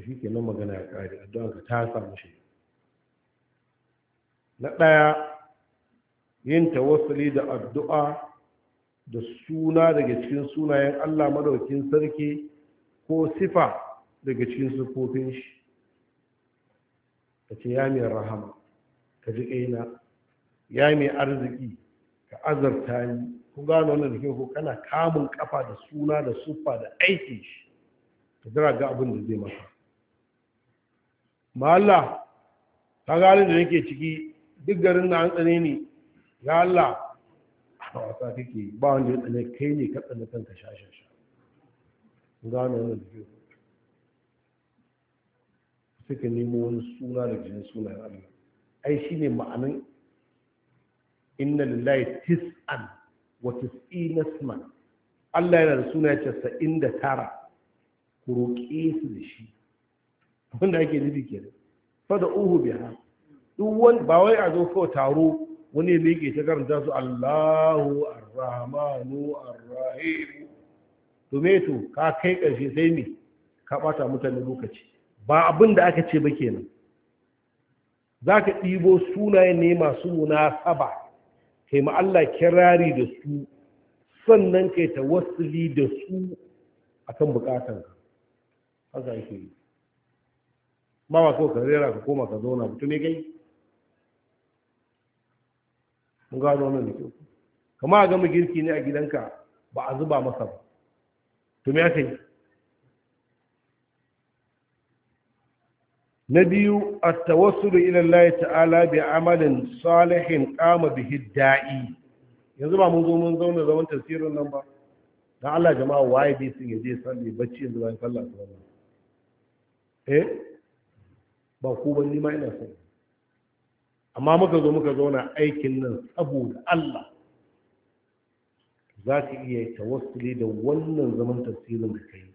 shi ke nan magana ya ƙari addu'a ka ta samu shi na ɗaya yin tawassuli da addu'a da suna daga cikin sunayen Allah madaukin sarki ko sifa daga cikin sufofin shi ka ce ya mai rahama ka ji ƙaina ya mai arziki ka azarta ni Ku gano wannan jikin ko kana kamun kafa da suna da sufa da aiki shi ka jira ga abin da zai masa ma Allah ta gani da nake ciki duk garin na an tsane ne ya Allah a wasa kake ba wanda ya tsane kai ne ka tsane kanka shashasha gano wannan biyu suka nemo wani suna da jin suna ya Allah ai shi ne ma'anin inna lillahi tis'an wa tis'ina isman Allah yana da suna casa'in da tara ku roƙe su da shi wanda ake nufi kenan fada uhu biha duk wani ba wai a zo kawai taro wani ya miƙe ta karanta su Allahu Ar-Rahmanu Ar-Rahim to ka kai ƙarshe sai me ka bata mutane lokaci ba abin da aka ce ba kenan za ka ɗibo sunayen ne masu munasaba kai ma Allah kirari da su sannan kai tawassuli da su akan ka haka yake yi ba ba kawai ka rera ka koma ka zauna mutum ne mun gano wannan da kyau kama a gama girki ne a gidanka ba a zuba masa ba to me aka yi na biyu a tawassulu ila Allah ta'ala bi amalin salihin qama bihi da'i yanzu ba mun zo mun zauna zaman tafsirin nan ba dan Allah jama'a waye bi sun yaje salli bacci yanzu bayan sallah ta eh ba ku ban ni ma ina sallah amma muka zo muka zauna aikin nan saboda Allah za ka iya tawassuli da wannan zaman tafsirin da kai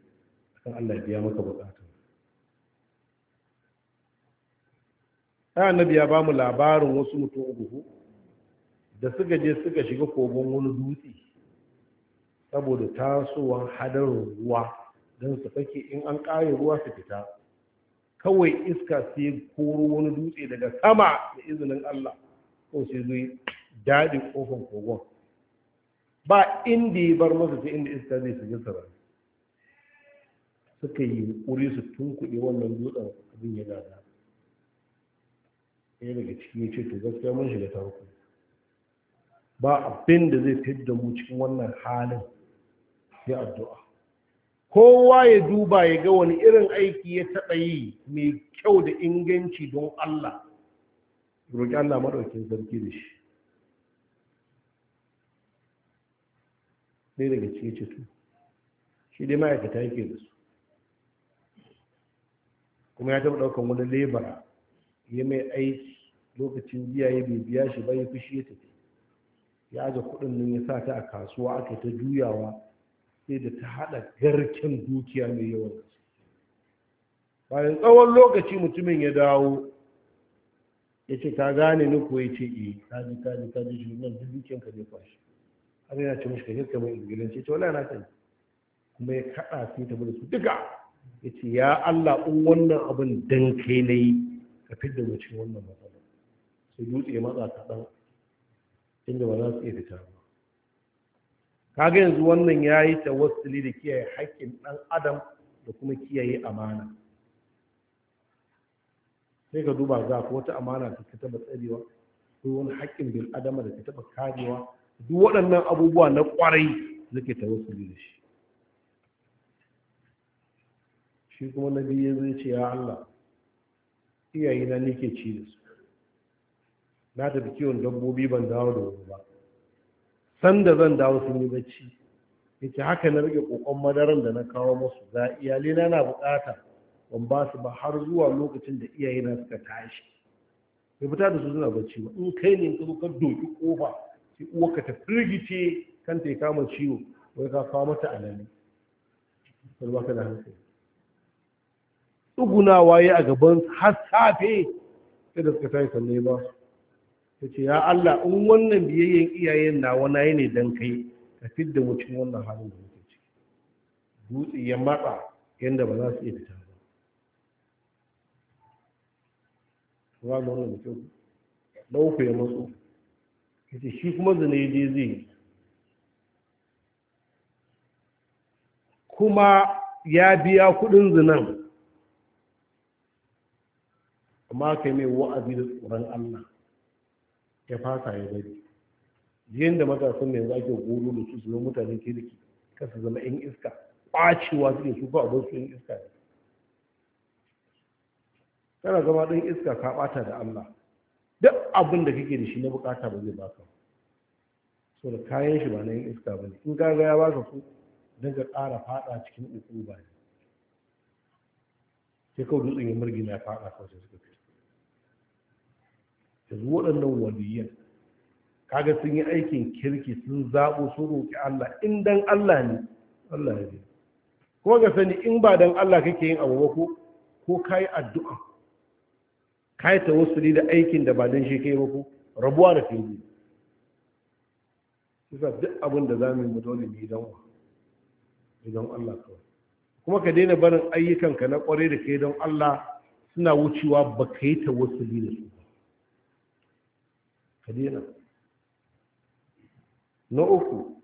akan Allah biya maka bukata ɗaya annabi ya ba mu labarin wasu mutum uku da suka je suka shiga kogon wani dutse saboda tasowar hadarin ruwa don su fake in an ƙare ruwa su fita kawai iska sai koro wani dutse daga sama da izinin Allah ko sai zai daɗin ƙofar kogon ba inda ya bar masa sai inda iska zai shiga sarari suka yi ƙuri su tunkuɗe wannan dutsen abin ya gada ɗaya daga cikin ya ce to gaskiya mun shiga tarko ba abin da zai fidda mu cikin wannan halin sai addu'a kowa ya duba ya ga wani irin aiki ya taɓa yi mai kyau da inganci don Allah roƙi Allah maɗaukin sarki da shi ɗaya daga cikin cikin shi dai ma'aikata yake da su kuma ya taɓa ɗaukan wani lebara ya mai aiki lokacin biya ya bai biya shi ba ya fushi ya tafi ya aje kuɗin nan ya sa ta a kasuwa aka ta juyawa sai da ta haɗa garken dukiya mai yawan gaske bayan tsawon lokaci mutumin ya dawo ya ce ka gane ni ko ya ce eh kaji kaji kaji shi nan duk dukiyan ka zai kwashi har yana ce mashi ka hirka mai ingilanci ce wala na sani kuma ya kaɗa su ta bude su duka ya ce ya Allah in wannan abin dan kai na yi ka fidda mu cikin wannan matsala sai dutse matsa kaɗan inda ba za su iya fita ba kaga yanzu wannan ya yi wasili da kiyaye haƙƙin ɗan adam da kuma kiyaye amana sai ka duba za ku wata amana ta ka taɓa tsarewa ko wani haƙƙin bil adama da ka taɓa karewa duk waɗannan abubuwa na ƙwarai zake tawassuli da shi shi kuma na biyu zai ce ya Allah iyayena nake ci da su na tafi kiwon dabbobi ban dawo da wani ba sanda zan dawo sun yi bacci yake haka na rage kokon madaran da na kawo musu za iyali na na bukata ban ba su ba har zuwa lokacin da iyaye na suka tashi bai fita da su suna bacci ba in kai ne ka zo ka doki kofa sai ka ta firgice kan ta kama ciwo wai ka kawo mata alali ba ka da hankali tsugunawa ya a gaban har safe sai da suka tashi sannan ba su ta ce ya Allah in wannan biyayyen iyayen na wani ne don kai ka fidda da cikin wannan halin da muke ciki dutse ya matsa yadda ba za su iya fita ba ba wannan mutum ɗauku ya matso ya ce shi kuma zane ya je zai kuma ya biya kuɗin zinan amma ka mai wa'azi da tsoron Allah ya fasa ya bari jiyan da matasan da yanzu ke goro da su zama ke, kirki kasa zama yan iska ɓacewa suke su ba abin su yan iska ne kana zama ɗan iska ka ɓata da allah duk abin da kake da shi na bukata ba zai baka so da kayan shi ba na yan iska ba ne in gaga ya baka su daga ƙara faɗa cikin uku ba ne sai kawai dutsen ya murgina ya faɗa kawai suka fi yanzu waɗannan waliyan kaga sun yi aikin kirki sun zaɓo sun roƙi Allah in dan Allah ne Allah ya kuma ga sani in ba dan Allah kake yin abu ba ko ko kai addu'a kai tawassuli da aikin da ba dan shi kai ba ko rabuwa da fili kusa duk abin da zamu mu dole mu dan idan Allah kawai kuma ka daina barin ayyukanka na kware da kai don Allah suna wucewa ba kai ta tawassuli da su ka daina na uku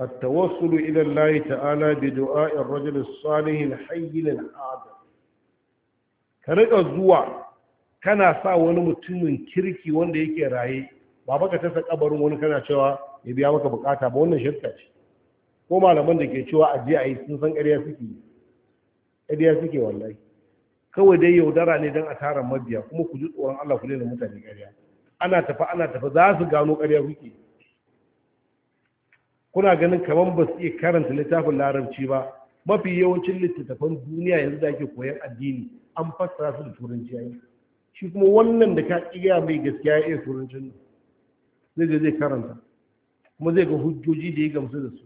التوصل إلى الله تعالى بدعاء al الصالح Ka للعادة zuwa الزوع كان sa wani mutumin kirki wanda yake raye ba baka tasa kabarin wani kana cewa ya biya maka bukata ba wannan shirka ce ko malaman da ke cewa aje a yi sun san ƙarya suke ƙarya suke wallahi kawai dai yaudara ne don a tara mabiya kuma ku ji tsoron Allah ku daina mutane ƙarya ana tafa ana tafa za su gano ƙarya kuke kuna ganin kamar ba su iya karanta littafin larabci ba mafi yawancin littattafan duniya yanzu da ake koyan addini an fassara su da turanci yayi shi kuma wannan da ka iya mai gaskiya ya iya turancin zai je zai karanta kuma zai ga hujjoji da ya gamsu da su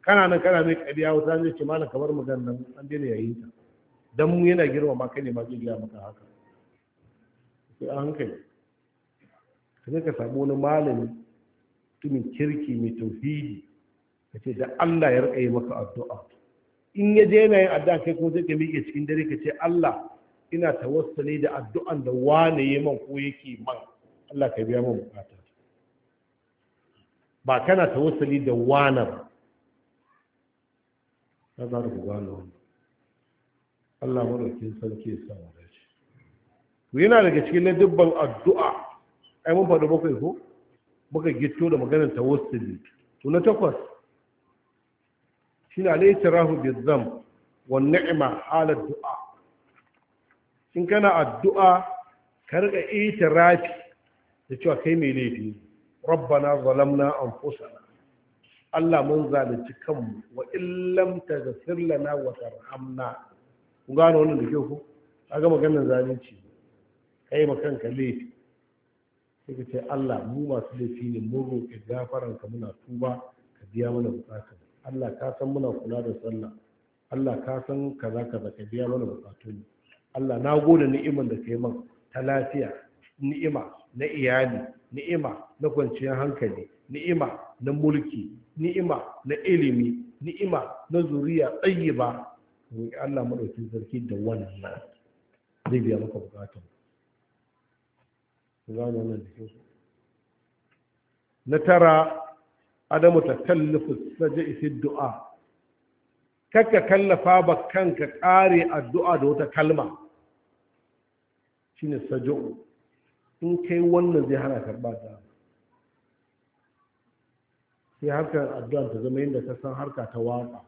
kana nan kana mai ƙarya wata zai ce malam kamar maganar nan an daina yayin ta dan mu yana girma ma kai ne ma zai gaya maka haka sai an hankali ka ka samu wani malami tumin kirki mai tauhidi ka ce da Allah ya rika yi maka addu'a in ya je yana yin addu'a kai kuma sai ka miƙe cikin dare ka ce Allah ina tawassuli da addu'an da wane ya man ko yake man Allah ka biya man bukata ba kana tawassuli da wane ba ta za ku gano wannan Allah sarki ya samu da yana daga cikin dubban addu'a ai mun faɗi bakwai ko muka gito da maganar ta tawassuli to na takwas shine tarahu itirafu zam wa ni'ma ala du'a in kana addu'a ka riga i'tirafi da cewa kai mai laifi rabbana zalamna anfusana Allah mun zalunci kanmu wa illam taghfir lana wa tarhamna ku gano wannan da kyau ko kaga maganar zalunci kai ma kanka laifi sai ka ce Allah mu masu laifi ne mun roƙi ka muna tuba ka biya mana bukatun Allah ka san muna kula da sallah Allah ka san kaza kaza ka biya mana bukatun Allah na gode ni'iman da kai man ta lafiya ni'ima na iyali ni'ima na kwanciyar hankali ni'ima na mulki ni'ima na ilimi ni'ima na zuriya tsayyiba Allah maɗaukin sarki da wannan zai biya maka bukatun gano na tara adamu ta tallafa saje fi du'a kakka kallafa ba kanka kare addu'a da wata kalma shine sajo in kai wannan zai hana karba ta sai harkar addu'a ta zama yadda ta san harka ta waka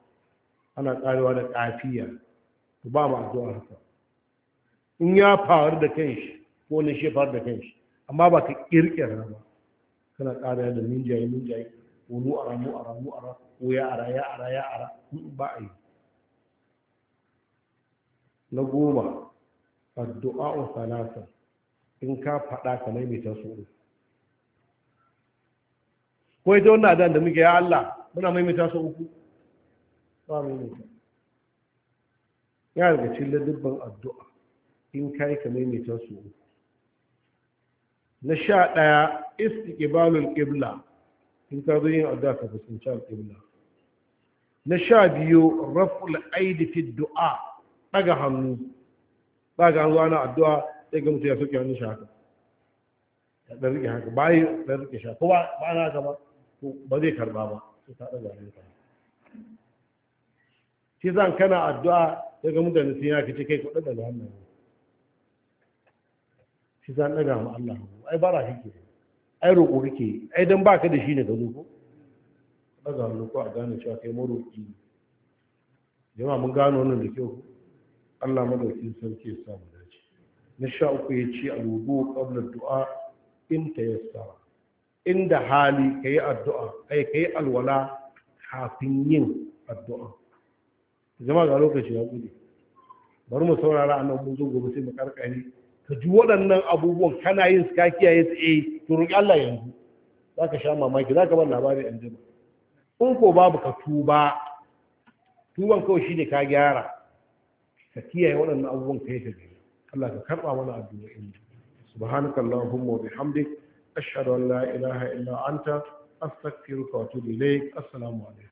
ana karewa da kafiya ba mu addu'a haka in ya faru da kanshi ko ne shi faru da kanshi amma ba ka ƙirƙira ba kana ƙara da minjaye minjaye wani ara mu ara mu ara ko ya ara ya ara ya ara ba a yi na goma addu'a salasa in ka faɗa ka maimaita su ko ita wannan adan da muke ya Allah muna maimaita su uku ba maimaita ya daga cikin ladubban addu'a in kai ka maimaita su uku na sha ɗaya istiqbalul Ibla in ka zo yin addu'a ka fuskanci sha Ibla na sha biyu raf'ul aidi fi du'a daga hannu daga hannu ana addu'a sai ga mutum ya soke hannun shi haka ya ɗan rike haka bayi ɗan rike shi ko ba na gaba to ba zai karɓa ba sai ta daga hannu ka shi zan kana addu'a sai ga mutane sun yaka kai ko ɗaga hannun shi za ɗaga ma Allah ai shi ke ai roƙo kake ai dan baka da shi ne ka zo ko ɗaga hannu ko a gane cewa kai maroƙi ne jama'a mun gano wannan da kyau Allah madaukin sarki ya samu dace na sha uku ya ce alwudu qabla du'a in tayassara inda hali kai addu'a kai kai alwala kafin yin addu'a jama'a ga lokaci ya gudu bari mu saurara annabi mun zo gobe sai mu karkare ka ji waɗannan abubuwan kana yin su ka kiyaye su eh to roƙi Allah yanzu za ka sha mamaki za ka bar labari an jima in ko babu ka tuba tuban kawai shi ne ka gyara ka kiyaye waɗannan abubuwan ka yi ta gani Allah ka karɓa mana addu'a in subhanaka allahumma wa bihamdik ashhadu an la ilaha illa anta astaghfiruka wa atubu ilayk assalamu alaikum